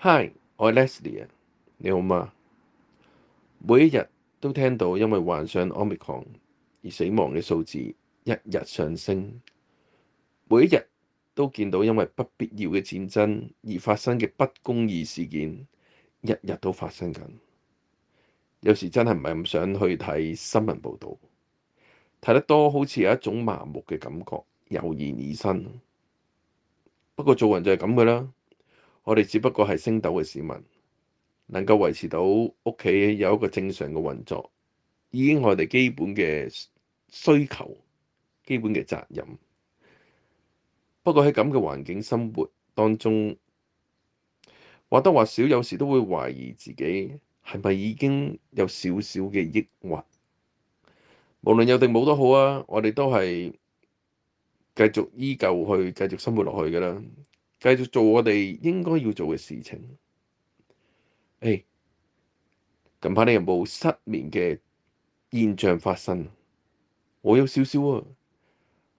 Hi，我係 Leslie 啊，你好嗎？每一日都聽到因為患上 Omicron 而死亡嘅數字一日上升，每一日都見到因為不必要嘅戰爭而發生嘅不公義事件，一日都發生緊。有時真係唔係咁想去睇新聞報道，睇得多好似有一種麻木嘅感覺油然而生。不過做人就係咁噶啦。我哋只不過係升斗嘅市民，能夠維持到屋企有一個正常嘅運作，已經係我哋基本嘅需求、基本嘅責任。不過喺咁嘅環境生活當中，或多或少有時都會懷疑自己係咪已經有少少嘅抑鬱。無論有定冇都好啊，我哋都係繼續依舊去繼續生活落去㗎啦。繼續做我哋應該要做嘅事情。誒、欸，近排你有冇失眠嘅現象發生？我有少少啊，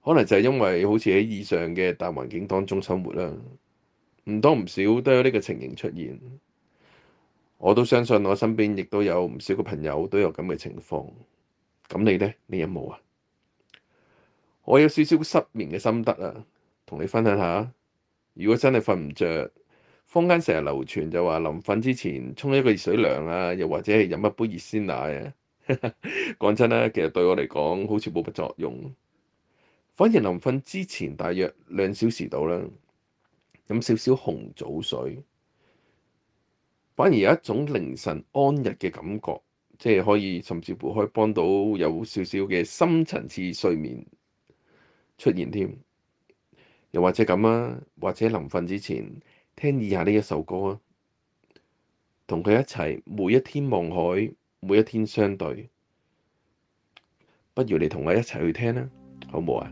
可能就係因為好似喺以上嘅大環境當中生活啦，啊，唔多唔少都有呢個情形出現。我都相信我身邊亦都有唔少嘅朋友都有咁嘅情況。咁你咧，你有冇啊？我有少少失眠嘅心得啊，同你分享下。如果真係瞓唔着，坊間成日流傳就話臨瞓之前沖一個熱水涼啊，又或者係飲一杯熱鮮奶啊。講 真咧，其實對我嚟講好似冇乜作用。反而臨瞓之前大約兩小時到啦，飲少少紅棗水，反而有一種凌晨安逸嘅感覺，即係可以甚至乎可以幫到有少少嘅深層次睡眠出現添。又或者咁啊，或者臨瞓之前聽以下呢一首歌啊，同佢一齊每一天望海，每一天相對，不如你同我一齊去聽啊，好唔好啊？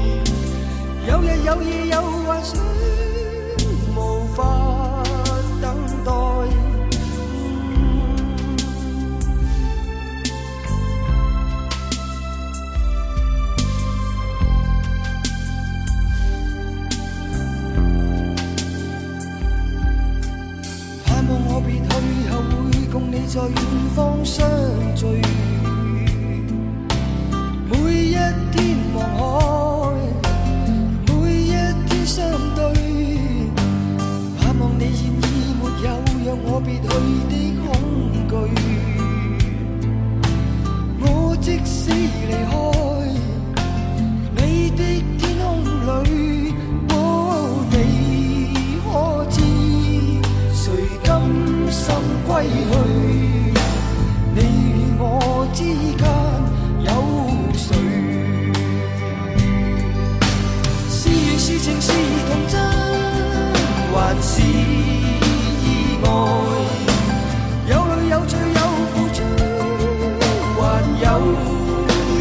有日有夜有幻想。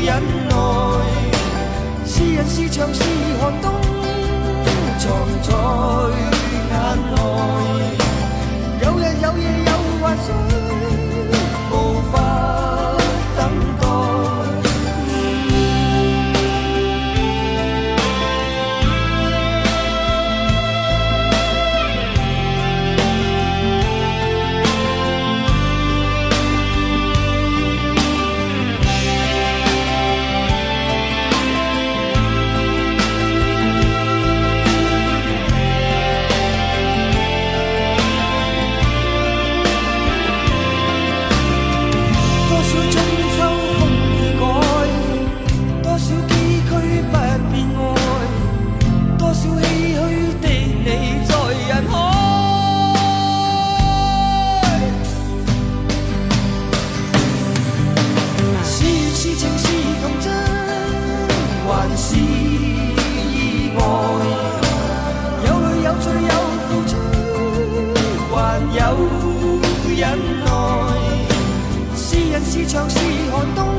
忍耐，是人是牆是寒冬，藏在。有忍耐，是人是牆是寒冬。